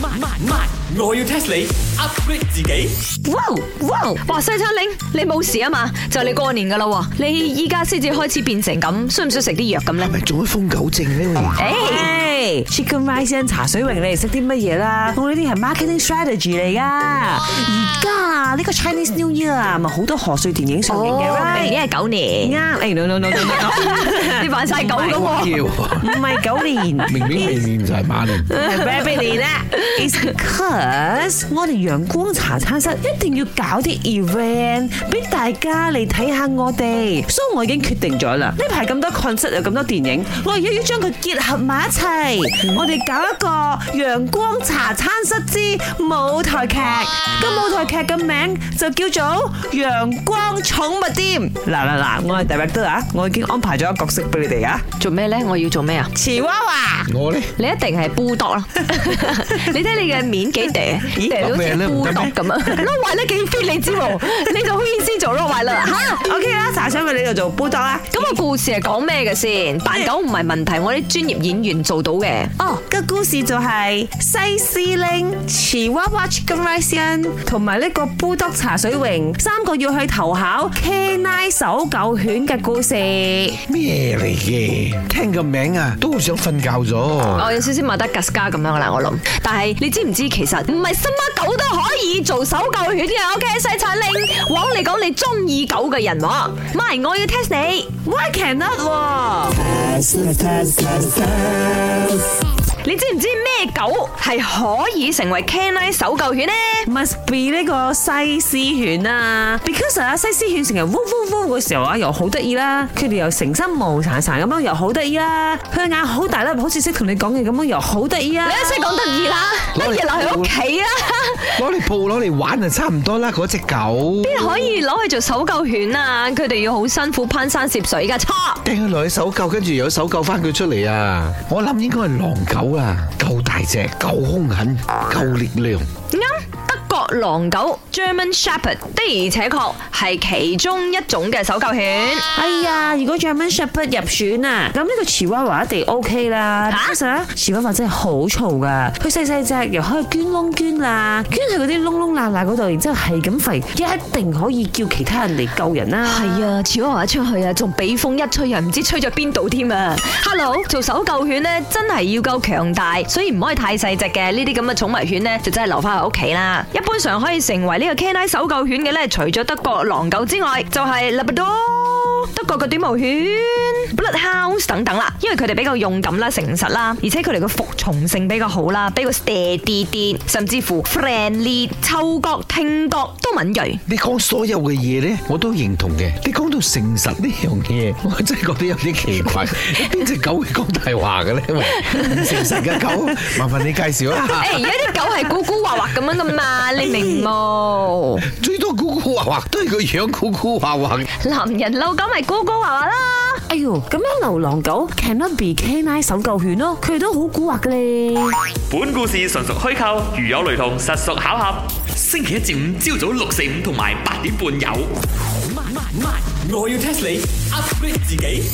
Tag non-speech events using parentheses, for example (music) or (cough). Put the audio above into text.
唔係唔係，我要 test 你 upgrade 自己。哇哇，哇西春玲，你冇事啊嘛？就你過年噶啦，你依家先至開始變成咁，需唔需要食啲藥咁咧？咪仲係瘋狗症咩？誒，Chicken Rice 茶水榮，你哋食啲乜嘢啦？我呢啲係 marketing strategy 嚟噶。而家啊，呢個 Chinese New Year 啊，咪好多賀歲電影上映嘅。明年係九年啱，誒 no no no no no，你玩晒狗噶喎，唔係九年，明明明年就係馬年，係 rabbit 年啦。Because (laughs) 我哋陽光茶餐室一定要搞啲 event 俾大家嚟睇下我哋，所以我已經決定咗啦。呢排咁多 concert 又咁多電影，我而家要將佢結合埋一齊。我哋搞一個陽光茶餐室之舞台劇，個舞台劇嘅名就叫做《陽光寵物店》。嗱嗱嗱，我係 director 啊，我已經安排咗一個角色俾你哋啊。做咩咧？我要做咩啊？芝娃娃。我咧？你一定係布多咯。睇睇你嘅面幾嗲，嗲到似孤獨咁樣！look 壞得幾 fit，你知冇？你做威尼斯做 look 壞啦吓？OK 啦，茶水妹你做做孤獨啊！咁個故事係講咩嘅先？扮狗唔係問題，我啲專業演員做到嘅。哦，個故事就係西斯玲、Chihuahua、Gorillion 同埋呢個孤獨茶水榮三個要去投考 K9 搜救犬嘅故事。咩嚟嘅？聽個名啊，都想瞓覺咗。哦，有少少馬德加斯加咁樣噶啦，我諗，但係。你知唔知其實唔係什麼狗都可以做搜救犬嘅？OK，細陳令，我講你講你中意狗嘅人，唔係我要 test 你，Why cannot？你知唔知？狗係可以成為 canine 搜救犬呢？Must be 呢個西施犬啊，because 啊西施犬成日嗚嗚嗚嘅時候啊，又好得意啦，佢哋又成身毛潺潺咁樣又好得意啦，佢個眼好大粒，好似識同你講嘢咁樣又好得意啊！你一齊講得意啦，攞嚟留喺屋企啦，攞嚟抱攞嚟玩就差唔多啦。嗰隻狗邊可以攞去做搜救犬啊？佢哋要好辛苦攀山涉水噶，錯，掟佢落去搜救，跟住又搜救翻佢出嚟啊！我諗應該係狼狗啊，夠大。夠兇狠，夠力量。狼狗 German Shepherd 的而且確係其中一種嘅搜救犬。哎呀，如果 German Shepherd 入選啊，咁呢個芝娃娃一定 OK 啦。啊，其實啊，芝娃娃真係好嘈噶，佢細細隻又可以捐窿捐啦，捐去嗰啲窿窿罅罅嗰度，然之後係咁吠，一定可以叫其他人嚟救人啦。係啊，芝娃娃出去啊，仲俾風一吹啊，唔知吹咗邊度添啊。Hello，做搜救犬呢，真係要夠強大，所以唔可以太細隻嘅呢啲咁嘅寵物犬呢，就真係留翻喺屋企啦。一般。常可以成為呢個 canine 搜救犬嘅咧，除咗德國狼狗之外，就係拉布拉多。各個短毛犬、Bloodhounds 等等啦，因為佢哋比較勇敢啦、誠實啦，而且佢哋嘅服從性比較好啦，比較 steady 啲，甚至乎 friendly，嗅覺、聽覺都敏銳。你講所有嘅嘢咧，我都認同嘅。你講到誠實呢樣嘢，我真係覺得有啲奇怪，邊隻狗會講大話嘅咧？因為誠實嘅狗，麻煩你介紹啊。誒，而家啲狗係古古惑惑咁樣噶嘛？你明冇？最多古。古惑都係個樣，古古惑惑，男人老狗咪古古畫畫啦。哎呦，咁樣流浪狗，Canine、Can, can I 搜救犬咯，佢都好古惑嘅咧。本故事純屬虛構，如有雷同，實屬巧合。星期一至五朝早六四五同埋八點半有。My, my, my, 我要 test 你，upgrade 自己。